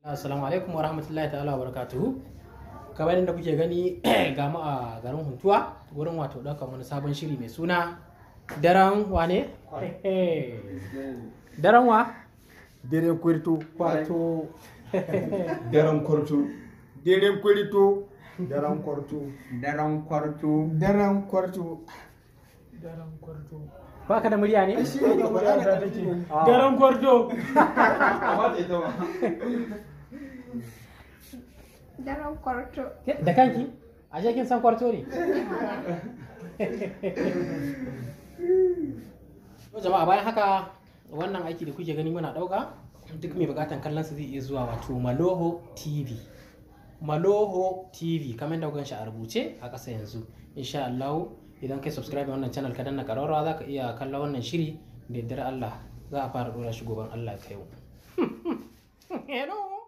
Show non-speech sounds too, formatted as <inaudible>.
Assalamu alaikum wa rahmatullahi ta'ala wa barakatuhu. Kamar yadda kuke gani <clears throat> ga mu a garin Huntuwa wurin wato ɗaukar wani sabon shiri mai suna Daren wane? Daren wa? Daren kwarto. Kwato. <laughs> Daren kwarto. Daren kwarto. Daren kwarto. Daren kwarto. Daren kwarto. Garan kwarto. da murya ne? Garan ah. kwarto. Garan kwarto. Da kanki? Ashe kin san kwarto ne? jama'a bayan haka wannan aiki da kuke gani muna ɗauka duk mai bukatan kallon su zai iya zuwa wato maloho tv maloho tv kamar da kuka shi a rubuce a ƙasa yanzu insha Allah idan kai subscribe wannan channel ka danna ƙararrawa za ka iya kalla wannan shiri da yaddar Allah za a fara ɗora shi goban Allah ka yau. <laughs> Hello!